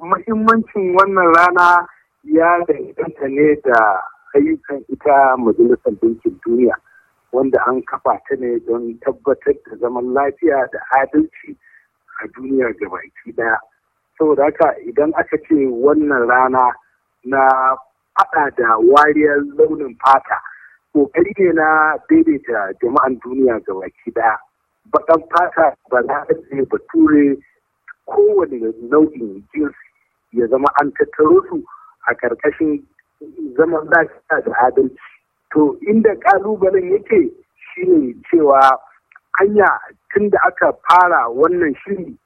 muhimmancin wannan rana ya danganta ne da ayyukan ita majalisar dinkin duniya wanda an kafa ta ne don tabbatar da zaman lafiya da adalci a duniya baki daya saboda haka idan aka ce wannan rana na faɗa da wariyar launin fata ƙoƙari ne na daidaita jama'an duniya ga baki daya baƙan fata ba za a bature kowane nau'in jinsi ya zama an tattaro su a ƙarƙashin zaman lafiya da adalci to inda ƙalubalen yake shine cewa hanya tun da aka fara wannan shiri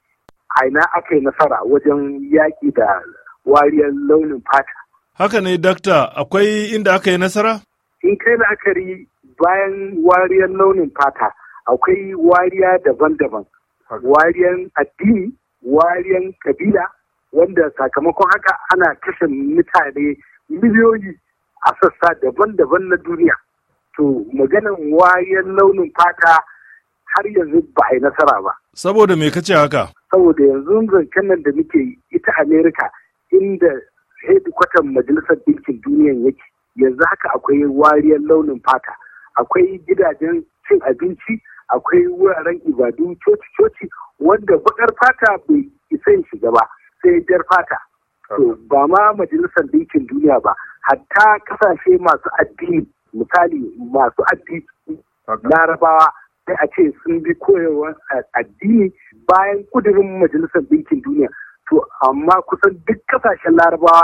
aina aka yi nasara wajen yaƙi da wariyar launin fata. Haka ne, Dakta, akwai inda aka yi nasara? In kai la'akari bayan wariyar launin fata, akwai wariya daban-daban. Wariyar addini, wariyar kabila, wanda sakamakon haka ana kashe mutane miliyoyi a sassa daban-daban na duniya to maganin wayan launin fata har yanzu ba a yi nasara ba saboda me kace haka saboda yanzu zancen nan da muke ita amerika inda hedikwatan majalisar ɗinkin duniyan yake yanzu haka akwai wariyar launin fata akwai gidajen cin abinci akwai wuraren ibadu coci-coci wanda bakar fata bai isa shiga ba sai dar fata to ba ma majalisar ɗinkin duniya ba hatta kasashe masu addini misali masu addini larabawa sai a ce sun bi koyarwar addini bayan kudurin majalisar ɗinkin duniya to amma kusan duk kasashen larabawa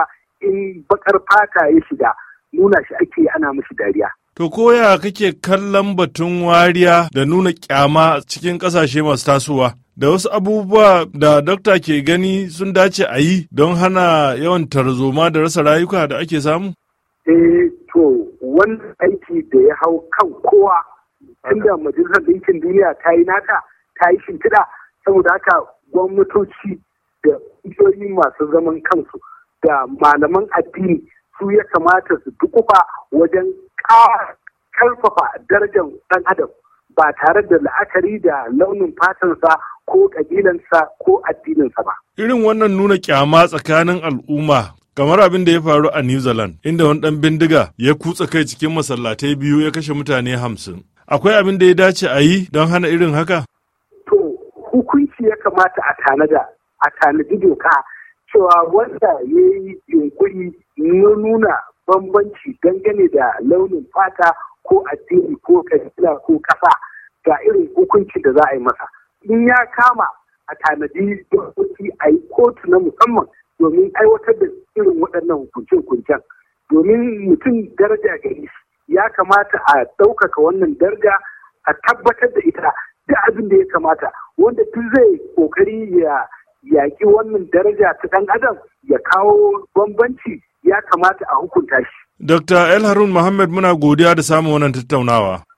in bakar fata ya shiga nuna shi ake ana mashi dariya To koya kake kallon batun wariya da nuna kyama cikin ƙasashe masu tasowa? da wasu abubuwa da dokta ke gani sun dace a yi don hana yawan tarzoma da rasa rayuka da ake samu? Eh to wani aiki da ya hau kan kowa inda majalisar ɗinkin duniya ta yi nata ta yi shintida saboda haka gwamnatoci da ƙungiyoyi masu zaman kansu da malaman addini su ya kamata su dukufa wajen ƙarfafa darajar ɗan adam ba tare da la'akari da launin fatansa ko ƙabilansa ko addininsa ba. Irin wannan nuna kyama tsakanin al'umma kamar abin da ya faru a New Zealand inda wani ɗan bindiga ya kutsa kai cikin masallatai biyu ya kashe mutane hamsin. Akwai abin da ya dace a yi don hana irin haka? To, hukunci ya kamata a tanada, a tanadi doka cewa wanda ya yi yunkuri na nuna bambanci dangane da launin fata ko addini ko kabila ko kasa ga irin hukuncin da za a yi masa in ya kama a tanadi dokoki a yi kotu na musamman domin aiwatar da irin waɗannan hukunce-hukuncen domin mutum daraja gari ya kamata a ɗaukaka wannan daraja a tabbatar da ita duk abin da ya kamata wanda duk zai kokari ya yaƙi wannan daraja ta ɗan adam ya kawo bambanci ya kamata a hukunta shi Dr. El Harun Muhammad muna godiya da samun wannan tattaunawa.